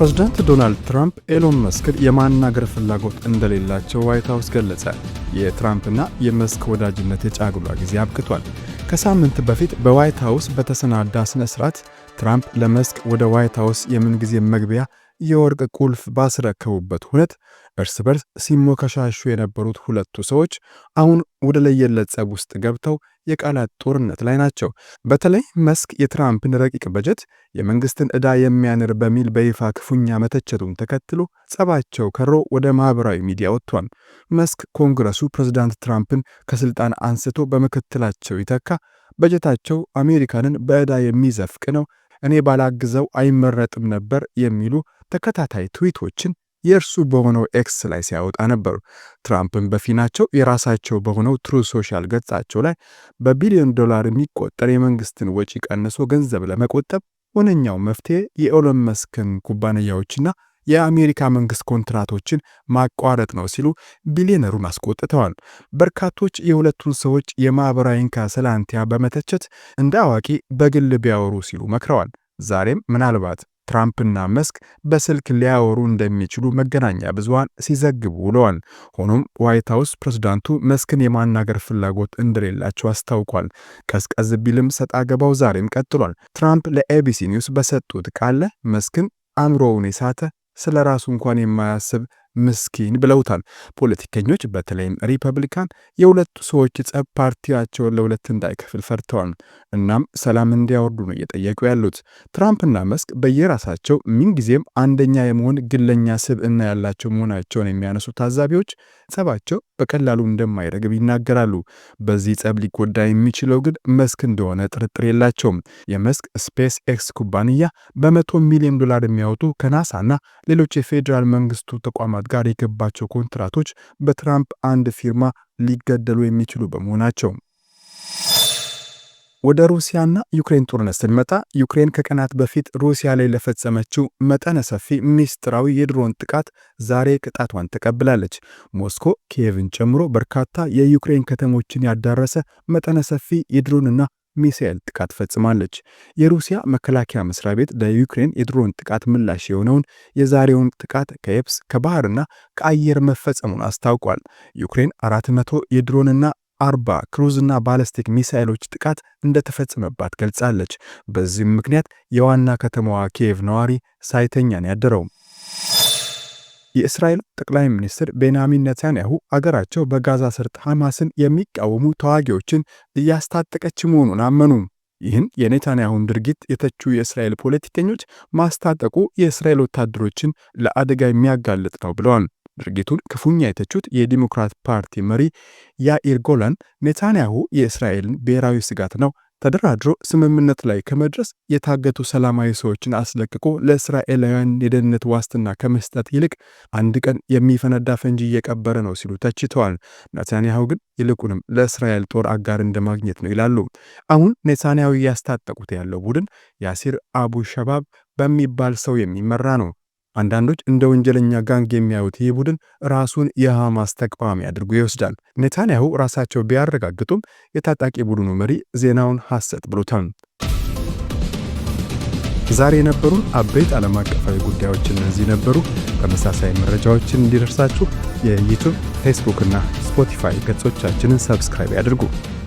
ፕሬዝዳንት ዶናልድ ትራምፕ ኤሎን መስክን የማናገር ፍላጎት እንደሌላቸው ዋይት ሀውስ ገለጸ። የትራምፕና የመስክ ወዳጅነት የጫጉላ ጊዜ አብቅቷል። ከሳምንት በፊት በዋይት ሀውስ በተሰናዳ ስነ ስርዓት ትራምፕ ለመስክ ወደ ዋይት ሀውስ የምንጊዜ መግቢያ የወርቅ ቁልፍ ባስረከቡበት ሁነት እርስ በርስ ሲሞከሻሹ የነበሩት ሁለቱ ሰዎች አሁን ወደ ለየለት ጸብ ውስጥ ገብተው የቃላት ጦርነት ላይ ናቸው። በተለይ መስክ የትራምፕን ረቂቅ በጀት የመንግስትን ዕዳ የሚያንር በሚል በይፋ ክፉኛ መተቸቱን ተከትሎ ጸባቸው ከሮ ወደ ማኅበራዊ ሚዲያ ወጥቷል። መስክ ኮንግረሱ ፕሬዝዳንት ትራምፕን ከሥልጣን አንስቶ በምክትላቸው ይተካ፣ በጀታቸው አሜሪካንን በዕዳ የሚዘፍቅ ነው፣ እኔ ባላግዘው አይመረጥም ነበር የሚሉ ተከታታይ ትዊቶችን የእርሱ በሆነው ኤክስ ላይ ሲያወጣ ነበሩ። ትራምፕም በፊናቸው የራሳቸው በሆነው ትሩ ሶሻል ገጻቸው ላይ በቢሊዮን ዶላር የሚቆጠር የመንግስትን ወጪ ቀንሶ ገንዘብ ለመቆጠብ ሁነኛው መፍትሄ የኤሎን መስክን ኩባንያዎችና የአሜሪካ መንግስት ኮንትራቶችን ማቋረጥ ነው ሲሉ ቢሊዮነሩን አስቆጥተዋል። በርካቶች የሁለቱን ሰዎች የማኅበራዊ እንካ ሰላንቲያ በመተቸት እንደ አዋቂ በግል ቢያወሩ ሲሉ መክረዋል። ዛሬም ምናልባት ትራምፕና መስክ በስልክ ሊያወሩ እንደሚችሉ መገናኛ ብዙሃን ሲዘግቡ ውለዋል። ሆኖም ዋይት ሀውስ ፕሬዝዳንቱ መስክን የማናገር ፍላጎት እንደሌላቸው አስታውቋል። ቀዝቀዝ ቢልም ሰጣ ገባው ዛሬም ቀጥሏል። ትራምፕ ለኤቢሲ ኒውስ በሰጡት ቃለ መስክን አእምሮውን የሳተ ስለ ራሱ እንኳን የማያስብ ምስኪን ብለውታል። ፖለቲከኞች በተለይም ሪፐብሊካን የሁለቱ ሰዎች ጸብ ፓርቲያቸውን ለሁለት እንዳይከፍል ፈርተዋል። እናም ሰላም እንዲያወርዱ ነው እየጠየቁ ያሉት። ትራምፕና መስክ በየራሳቸው ምንጊዜም አንደኛ የመሆን ግለኛ ስብዕና ያላቸው መሆናቸውን የሚያነሱ ታዛቢዎች ጸባቸው በቀላሉ እንደማይረግብ ይናገራሉ። በዚህ ጸብ ሊጎዳ የሚችለው ግን መስክ እንደሆነ ጥርጥር የላቸውም። የመስክ ስፔስ ኤክስ ኩባንያ በመቶ ሚሊዮን ዶላር የሚያወጡ ከናሳና ሌሎች የፌዴራል መንግስቱ ተቋማት ተቋማት ጋር የገባቸው ኮንትራቶች በትራምፕ አንድ ፊርማ ሊገደሉ የሚችሉ በመሆናቸው። ወደ ሩሲያና ዩክሬን ጦርነት ስንመጣ ዩክሬን ከቀናት በፊት ሩሲያ ላይ ለፈጸመችው መጠነ ሰፊ ሚስጥራዊ የድሮን ጥቃት ዛሬ ቅጣቷን ተቀብላለች። ሞስኮ ኪየቭን ጨምሮ በርካታ የዩክሬን ከተሞችን ያዳረሰ መጠነ ሰፊ የድሮንና ሚሳኤል ጥቃት ፈጽማለች። የሩሲያ መከላከያ መስሪያ ቤት ለዩክሬን የድሮን ጥቃት ምላሽ የሆነውን የዛሬውን ጥቃት ከየብስ ከባህርና ከአየር መፈጸሙን አስታውቋል። ዩክሬን 400 የድሮንና አርባ ክሩዝና ባለስቲክ ሚሳይሎች ጥቃት እንደተፈጸመባት ገልጻለች። በዚህም ምክንያት የዋና ከተማዋ ኪየቭ ነዋሪ ሳይተኛን ያደረው የእስራኤል ጠቅላይ ሚኒስትር ቤንያሚን ነታንያሁ አገራቸው በጋዛ ሰርጥ ሐማስን የሚቃወሙ ተዋጊዎችን እያስታጠቀች መሆኑን አመኑ። ይህን የኔታንያሁን ድርጊት የተቹ የእስራኤል ፖለቲከኞች ማስታጠቁ የእስራኤል ወታደሮችን ለአደጋ የሚያጋልጥ ነው ብለዋል። ድርጊቱን ክፉኛ የተቹት የዲሞክራት ፓርቲ መሪ ያኢር ጎላን ኔታንያሁ የእስራኤልን ብሔራዊ ስጋት ነው ተደራድሮ ስምምነት ላይ ከመድረስ የታገቱ ሰላማዊ ሰዎችን አስለቅቆ ለእስራኤላውያን የደህንነት ዋስትና ከመስጠት ይልቅ አንድ ቀን የሚፈነዳ ፈንጂ እየቀበረ ነው ሲሉ ተችተዋል። ኔታንያሁ ግን ይልቁንም ለእስራኤል ጦር አጋር እንደማግኘት ነው ይላሉ። አሁን ኔታንያሁ እያስታጠቁት ያለው ቡድን ያሲር አቡ ሸባብ በሚባል ሰው የሚመራ ነው። አንዳንዶች እንደ ወንጀለኛ ጋንግ የሚያዩት ይህ ቡድን ራሱን የሐማስ ተቃዋሚ አድርጎ ይወስዳል። ኔታንያሁ ራሳቸው ቢያረጋግጡም የታጣቂ ቡድኑ መሪ ዜናውን ሐሰት ብሎታል። ዛሬ የነበሩን አበይት ዓለም አቀፋዊ ጉዳዮች እነዚህ ነበሩ። ተመሳሳይ መረጃዎችን እንዲደርሳችሁ የዩቱብ ፌስቡክ እና ስፖቲፋይ ገጾቻችንን ሰብስክራይብ ያድርጉ።